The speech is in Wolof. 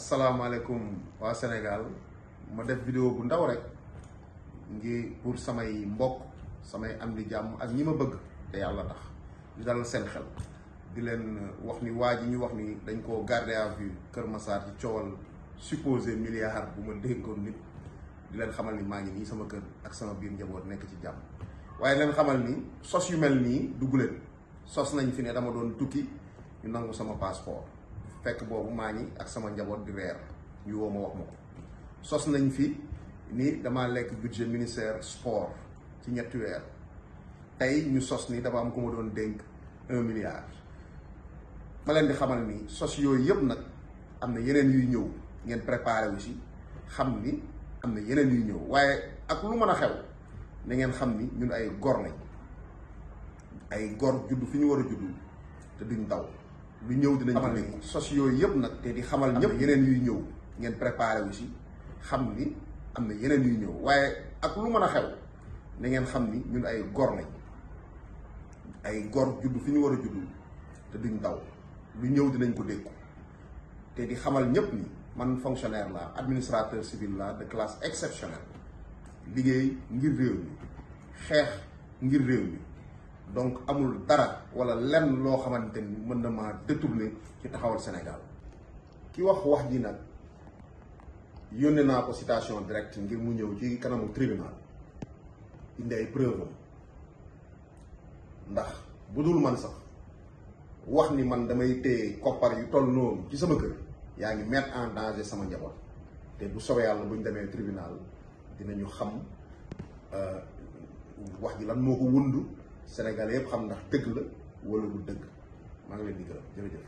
asalaamaaleykum waa senegal ma def vidéo bu ndaw rek ngi pour samay mbokk samay am di jàmm ak ñi ma bëgg te yàlla tax di dalal seen xel di leen wax ni waa ji ñu wax ni dañ koo garder à vue Kër Massar ci coowal supposé milliard bu ma dénkoon nit di leen xamal ni maa ngi nii sama kër ak sama biir njaboot nekk ci jàmm waaye leen xamal ni sos yu mel nii dugg leen sos nañ fi ne dama doon tukki ñu nangu sama passeport fekk boobu maa ngi ak sama njaboot di reer ñu woo ma wax ma ko sos nañ fi ni damaa lekk budget ministère sport ci ñetti weer tey ñu sos ni dafa am ku ma doon dénk un milliard ma leen di xamal ni sos yooyu yëpp nag am na yeneen yuy ñëw ngeen préparé wu si xam ni am na yeneen yuy ñëw waaye ak lu mën a xew na ngeen xam ni ñun ay gor lañ ay gor judd fi ñu war a judd te duñ daw lu ñëw dinañ ko dégg sos yooyu yëpp nag te di xamal ñëpp yeneen yuy ñëw ngeen préparé wu si xam ni am na yeneen yuy ñëw waaye ak lu mën a xew na ngeen xam ni ñun ay gor lañ ay gor juddu fi ñu war a juddu te duñ daw lu ñëw dinañ ko dégg te di xamal ñëpp ni man fonctionnaire la administrateur civil la de classe exceptionnelle liggéey ngir réew mi xeex ngir réew mi donc amul dara wala lenn loo xamante ni mën na maa détourner ci taxawal Sénégal ki wax wax ji nag yónnee naa ko citation directe ngir mu ñëw ci kanamu tribunal indi ay preuve am ndax bu dul man sax wax ni man damay téye koppar yu toll noonu ci sama kër yaa ngi mettre en sama njaboot te bu soobee bu buñ demee tribunal dinañu xam euh, wax ji lan moo ko wundu Sénégal yëpp xam ndax dëgg la wala du dëgg maa ngi leen di gërëm jërëjëf.